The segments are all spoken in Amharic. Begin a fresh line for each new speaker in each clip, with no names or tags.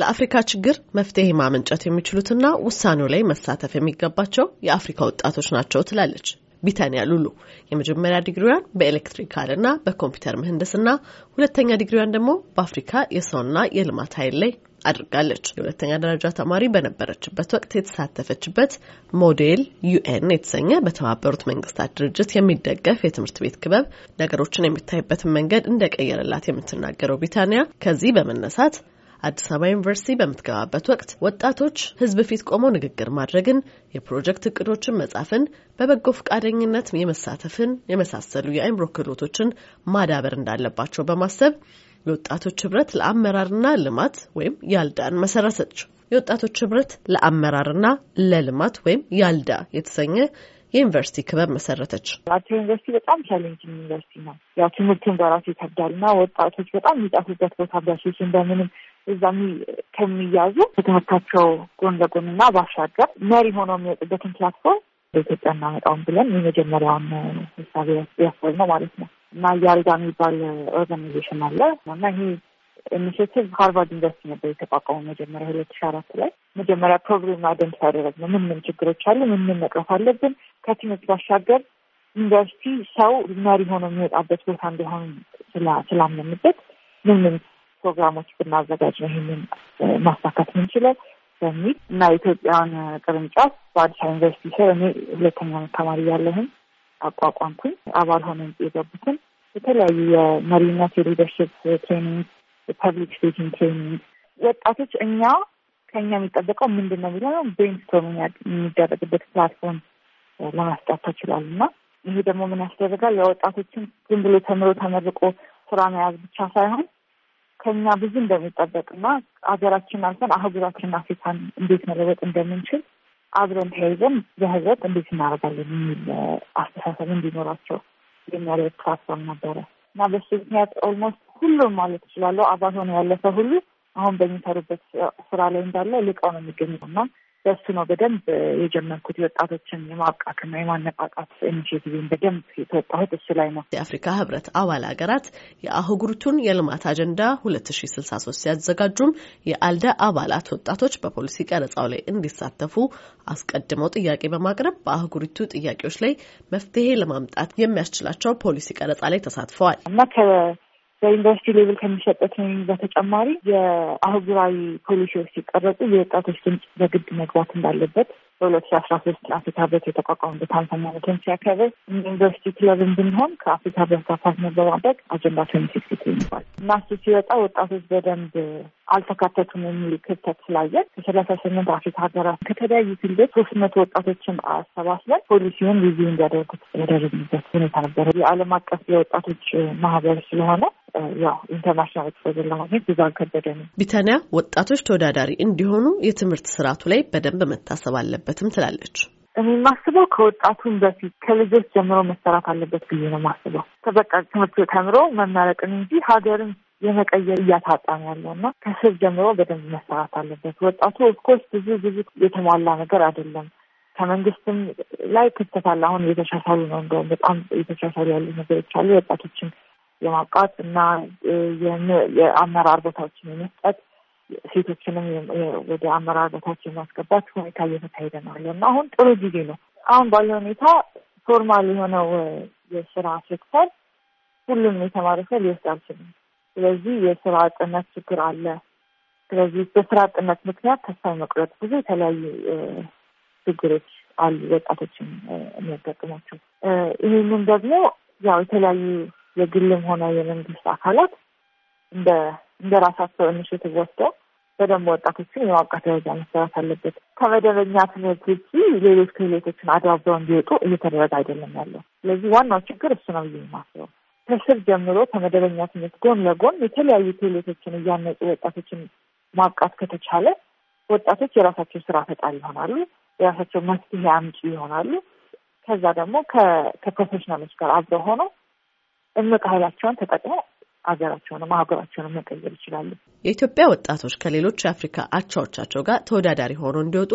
ለአፍሪካ ችግር መፍትሄ ማመንጨት የሚችሉትና ውሳኔው ላይ መሳተፍ የሚገባቸው የአፍሪካ ወጣቶች ናቸው ትላለች ቢታንያ ሉሉ። የመጀመሪያ ዲግሪዋን በኤሌክትሪካል በኮምፒውተር ምህንድስና፣ ሁለተኛ ዲግሪዋን ደግሞ በአፍሪካ የሰውና የልማት ኃይል ላይ አድርጋለች። የሁለተኛ ደረጃ ተማሪ በነበረችበት ወቅት የተሳተፈችበት ሞዴል ዩኤን የተሰኘ በተባበሩት መንግስታት ድርጅት የሚደገፍ የትምህርት ቤት ክበብ ነገሮችን የሚታይበትን መንገድ እንደቀየረላት የምትናገረው ቢታንያ ከዚህ በመነሳት አዲስ አበባ ዩኒቨርሲቲ በምትገባበት ወቅት ወጣቶች ህዝብ ፊት ቆመው ንግግር ማድረግን፣ የፕሮጀክት እቅዶችን መጻፍን፣ በበጎ ፈቃደኝነት የመሳተፍን የመሳሰሉ የአእምሮ ክህሎቶችን ማዳበር እንዳለባቸው በማሰብ የወጣቶች ህብረት ለአመራርና ልማት ወይም ያልዳን መሰረተች። የወጣቶች ህብረት ለአመራርና ለልማት ወይም ያልዳ የተሰኘ የዩኒቨርሲቲ ክበብ መሰረተች።
አርቴ ዩኒቨርሲቲ በጣም ቻሌንጅ ዩኒቨርሲቲ ነው። ያው ትምህርቱን በራሱ ይከብዳል እና ወጣቶች በጣም የሚጠፉበት ቦታ በሱስን በምንም እዛ ከሚያዙ ከትምህርታቸው ጎን ለጎን ለጎንና ባሻገር መሪ ሆነው የሚወጡበትን ፕላትፎርም በኢትዮጵያ እናመጣውን ብለን የመጀመሪያውን ሀሳብ ያሰብ ነው ማለት ነው እና ያልጋ የሚባል ኦርጋናይዜሽን አለ እና ይሄ ኢኒሽቲቭ ሀርቫርድ ዩኒቨርሲቲ ነበር የተቋቋሙ መጀመሪያ ሁለት ሺ አራት ላይ መጀመሪያ ፕሮብሌም አይደንቲፋይ ያደረግነው ምን ምን ችግሮች አሉ፣ ምን ምን መቅረፍ አለብን፣ ከትምህርት ባሻገር ዩኒቨርሲቲ ሰው መሪ ሆኖ የሚወጣበት ቦታ እንዲሆን ስላምንበት ምን ምን ፕሮግራሞች ብናዘጋጅ ነው ይህንን ማሳካት የምንችለው በሚል እና የኢትዮጵያን ቅርንጫፍ በአዲስ አበባ ዩኒቨርሲቲ ስር እኔ ሁለተኛ ተማሪ ያለህን አቋቋምኩኝ። አባል ሆነ የገቡትን የተለያዩ የመሪነት የሊደርሽፕ ትሬኒንግ፣ የፐብሊክ ስፒኪንግ ትሬኒንግ ወጣቶች እኛ ከኛ የሚጠበቀው ምንድን ነው የሚለው ብሬንስቶርም የሚደረግበት ፕላትፎርም ለማስጣት ተችሏል እና ይሄ ደግሞ ምን ያስደርጋል የወጣቶችን ዝም ብሎ ተምሮ ተመርቆ ስራ መያዝ ብቻ ሳይሆን ከኛ ብዙ እንደሚጠበቅና ሀገራችን አልፈን አህጉራችን አፍሪካን እንዴት መለወጥ እንደምንችል አብረን ተያይዘን በህብረት እንዴት እናደርጋለን የሚል አስተሳሰብ እንዲኖራቸው የሚያደርግ ፕላትፎርም ነበረ እና በሱ ምክንያት ኦልሞስት ሁሉም ማለት እችላለሁ አባል ያለፈ ሁሉ አሁን በሚሰሩበት ስራ ላይ እንዳለ ልቀው ነው የሚገኙ እና በሱ ነው በደንብ የጀመርኩት የወጣቶችን
የማብቃትና የማነቃቃት ኢኒሽቲቭን በደንብ የተወጣሁት እሱ ላይ ነው። የአፍሪካ ህብረት አባል ሀገራት የአህጉሪቱን የልማት አጀንዳ ሁለት ሺ ስልሳ ሶስት ሲያዘጋጁም የአልደ አባላት ወጣቶች በፖሊሲ ቀረጻው ላይ እንዲሳተፉ አስቀድመው ጥያቄ በማቅረብ በአህጉሪቱ ጥያቄዎች ላይ መፍትሄ ለማምጣት የሚያስችላቸው ፖሊሲ ቀረጻ ላይ ተሳትፈዋል እና በዩኒቨርሲቲ ሌቭል ከሚሰጠው ትሬኒንግ በተጨማሪ የአህጉራዊ
ፖሊሲዎች ሲቀረጹ የወጣቶች ድምጽ በግድ መግባት እንዳለበት በሁለት ሺ አስራ ሶስት አፍሪካ ህብረት የተቋቋመበት ሃምሳኛ ዓመቱን ሲያከብር ዩኒቨርሲቲ ክለብን ብንሆን ከአፍሪካ ህብረት ጋር ፓርትነር በማድረግ አጀንዳ ትዌንቲ ሲክስቲ ይባል እና እሱ ሲወጣ ወጣቶች በደንብ አልተካተቱም የሚል ክፍተት ስላየን ከሰላሳ ስምንት አፍሪካ ሀገራት ከተለያዩ ፊልዶች ሶስት መቶ ወጣቶችን አሰባስበን ፖሊሲውን ሪቪው እንዲያደርጉት ያደረግንበት ሁኔታ ነበረ። የዓለም አቀፍ የወጣቶች
ማህበር ስለሆነ ያው ኢንተርናሽናል ኤክስፖዘር ለማግኘት ብዙ ነው። ቢታንያ ወጣቶች ተወዳዳሪ እንዲሆኑ የትምህርት ስርዓቱ ላይ በደንብ መታሰብ አለበትም ትላለች። እኔ የማስበው
ከወጣቱን በፊት ከልጆች ጀምሮ መሰራት አለበት ብዬ ነው የማስበው። በቃ ትምህርት ተምሮ መመረቅን እንጂ ሀገርን የመቀየር እያታጣን ያለው እና ከስር ጀምሮ በደንብ መሰራት አለበት። ወጣቱ ኦፍኮርስ ብዙ ብዙ የተሟላ ነገር አይደለም። ከመንግስትም ላይ ክፍተት አለ። አሁን እየተሻሻሉ ነው፣ እንደውም በጣም እየተሻሻሉ ያሉ ነገሮች አሉ። ወጣቶችን የማብቃት እና የአመራር ቦታዎችን የመስጠት ሴቶችንም ወደ አመራር ቦታዎች የማስገባት ሁኔታ እየተካሄደ ነው ያለው እና አሁን ጥሩ ጊዜ ነው። አሁን ባለው ሁኔታ ፎርማል የሆነው የስራ ሴክተር ሁሉንም የተማረ ሰው ሊወስድ አልችልም። ስለዚህ የስራ አጥነት ችግር አለ። ስለዚህ በስራ አጥነት ምክንያት ተስፋ መቁረጥ፣ ብዙ የተለያዩ ችግሮች አሉ ወጣቶችን የሚያጋጥማቸው። ይህንን ደግሞ ያው የተለያዩ የግልም ሆነ የመንግስት አካላት እንደ እንደ ራሳቸው ኢኒሽቲቭ ወስደው በደንብ ወጣቶችን የማብቃት ደረጃ መሰራት አለበት። ከመደበኛ ትምህርት ውጭ ሌሎች ክህሎቶችን አዳብረው እንዲወጡ እየተደረገ አይደለም ያለው። ስለዚህ ዋናው ችግር እሱ ነው ብዬ የማስበው። ከስር ጀምሮ ከመደበኛ ትምህርት ጎን ለጎን የተለያዩ ክህሎቶችን እያነጹ ወጣቶችን ማብቃት ከተቻለ ወጣቶች የራሳቸው ስራ ፈጣሪ ይሆናሉ፣ የራሳቸው መፍትሄ አምጪ ይሆናሉ። ከዛ ደግሞ ከፕሮፌሽናሎች ጋር አብረው ሆነው እምቅ ኃይላቸውን
ተጠቅመው ሀገራቸውን ማህበራቸውን መቀየር ይችላሉ። የኢትዮጵያ ወጣቶች ከሌሎች የአፍሪካ አቻዎቻቸው ጋር ተወዳዳሪ ሆነው እንዲወጡ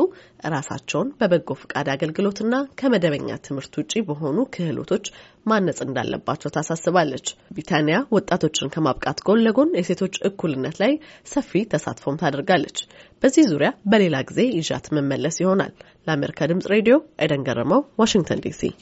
ራሳቸውን በበጎ ፈቃድ አገልግሎትና ከመደበኛ ትምህርት ውጪ በሆኑ ክህሎቶች ማነጽ እንዳለባቸው ታሳስባለች። ብሪታንያ ወጣቶችን ከማብቃት ጎን ለጎን የሴቶች እኩልነት ላይ ሰፊ ተሳትፎም ታደርጋለች። በዚህ ዙሪያ በሌላ ጊዜ ይዣት መመለስ ይሆናል። ለአሜሪካ ድምጽ ሬዲዮ ኤደን ገረመው፣ ዋሽንግተን ዲሲ